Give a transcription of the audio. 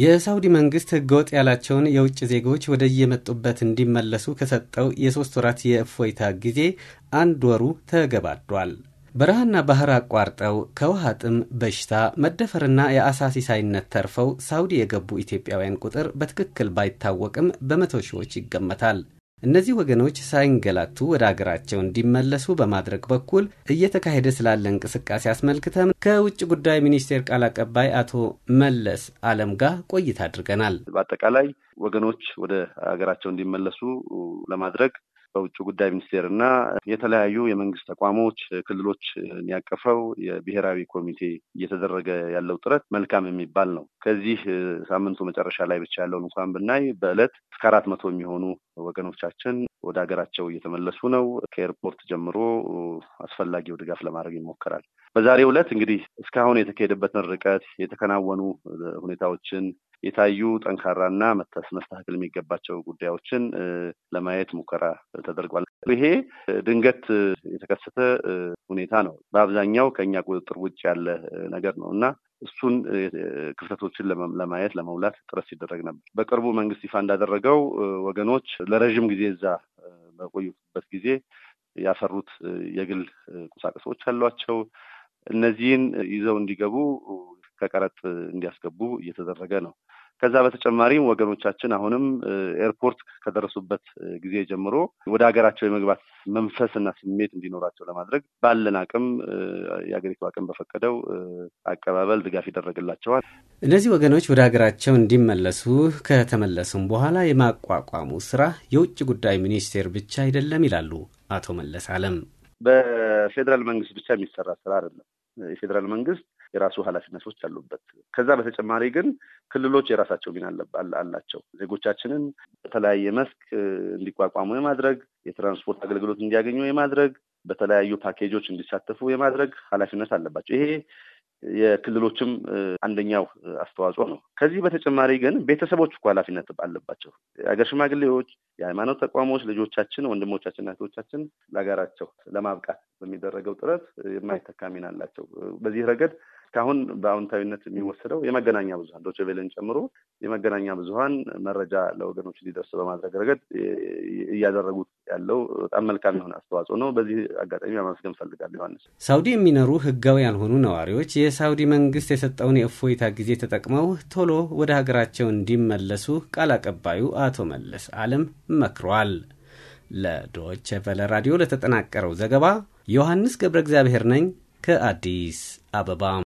የሳውዲ መንግስት ህገወጥ ያላቸውን የውጭ ዜጎች ወደ የመጡበት እንዲመለሱ ከሰጠው የሶስት ወራት የእፎይታ ጊዜ አንድ ወሩ ተገባዷል። በረሃና ባህር አቋርጠው ከውሃ ጥም፣ በሽታ፣ መደፈርና የአሳ ሲሳይነት ተርፈው ሳውዲ የገቡ ኢትዮጵያውያን ቁጥር በትክክል ባይታወቅም በመቶ ሺዎች ይገመታል። እነዚህ ወገኖች ሳይንገላቱ ወደ አገራቸው እንዲመለሱ በማድረግ በኩል እየተካሄደ ስላለ እንቅስቃሴ አስመልክተም ከውጭ ጉዳይ ሚኒስቴር ቃል አቀባይ አቶ መለስ አለም ጋር ቆይታ አድርገናል። በአጠቃላይ ወገኖች ወደ አገራቸው እንዲመለሱ ለማድረግ በውጭ ጉዳይ ሚኒስቴር እና የተለያዩ የመንግስት ተቋሞች ክልሎች ያቀፈው የብሔራዊ ኮሚቴ እየተደረገ ያለው ጥረት መልካም የሚባል ነው። ከዚህ ሳምንቱ መጨረሻ ላይ ብቻ ያለውን እንኳን ብናይ በዕለት እስከ አራት መቶ የሚሆኑ ወገኖቻችን ወደ ሀገራቸው እየተመለሱ ነው። ከኤርፖርት ጀምሮ አስፈላጊው ድጋፍ ለማድረግ ይሞከራል። በዛሬው ዕለት እንግዲህ እስካሁን የተካሄደበትን ርቀት የተከናወኑ ሁኔታዎችን የታዩ ጠንካራና መስተካከል የሚገባቸው ጉዳዮችን ለማየት ሙከራ ተደርጓል። ይሄ ድንገት የተከሰተ ሁኔታ ነው። በአብዛኛው ከኛ ቁጥጥር ውጭ ያለ ነገር ነው እና እሱን ክፍተቶችን ለማየት ለመውላት ጥረት ሲደረግ ነበር። በቅርቡ መንግስት ይፋ እንዳደረገው ወገኖች ለረዥም ጊዜ እዛ በቆዩበት ጊዜ ያፈሩት የግል ቁሳቁሶች አሏቸው። እነዚህን ይዘው እንዲገቡ ከቀረጥ እንዲያስገቡ እየተደረገ ነው። ከዛ በተጨማሪም ወገኖቻችን አሁንም ኤርፖርት ከደረሱበት ጊዜ ጀምሮ ወደ ሀገራቸው የመግባት መንፈስና ስሜት እንዲኖራቸው ለማድረግ ባለን አቅም የሀገሪቱ አቅም በፈቀደው አቀባበል ድጋፍ ይደረግላቸዋል። እነዚህ ወገኖች ወደ ሀገራቸው እንዲመለሱ ከተመለሱም በኋላ የማቋቋሙ ስራ የውጭ ጉዳይ ሚኒስቴር ብቻ አይደለም ይላሉ አቶ መለስ አለም። በፌዴራል መንግስት ብቻ የሚሰራ ስራ አይደለም። የፌዴራል መንግስት የራሱ ኃላፊነቶች አሉበት። ከዛ በተጨማሪ ግን ክልሎች የራሳቸው ሚና አላቸው። ዜጎቻችንን በተለያየ መስክ እንዲቋቋሙ የማድረግ የትራንስፖርት አገልግሎት እንዲያገኙ የማድረግ በተለያዩ ፓኬጆች እንዲሳተፉ የማድረግ ኃላፊነት አለባቸው። ይሄ የክልሎችም አንደኛው አስተዋጽኦ ነው። ከዚህ በተጨማሪ ግን ቤተሰቦች እኮ ኃላፊነት አለባቸው። የሀገር ሽማግሌዎች፣ የሃይማኖት ተቋሞች ልጆቻችን፣ ወንድሞቻችንና እህቶቻችን ለሀገራቸው ለማብቃት በሚደረገው ጥረት የማይተካ ሚና አላቸው። በዚህ ረገድ እስካሁን በአዎንታዊነት የሚወሰደው የመገናኛ ብዙሀን ዶቼ ቬለን ጨምሮ የመገናኛ ብዙሀን መረጃ ለወገኖች እንዲደርስ በማድረግ ረገድ እያደረጉት ያለው በጣም መልካም የሆነ አስተዋጽኦ ነው። በዚህ አጋጣሚ ማመስገን ፈልጋል። ዮሐንስ፣ ሳውዲ የሚኖሩ ህጋዊ ያልሆኑ ነዋሪዎች የሳውዲ መንግስት የሰጠውን የእፎይታ ጊዜ ተጠቅመው ቶሎ ወደ ሀገራቸው እንዲመለሱ ቃል አቀባዩ አቶ መለስ አለም መክሯል። ለዶች ቨለ ራዲዮ ለተጠናቀረው ዘገባ ዮሐንስ ገብረ እግዚአብሔር ነኝ ከአዲስ አበባ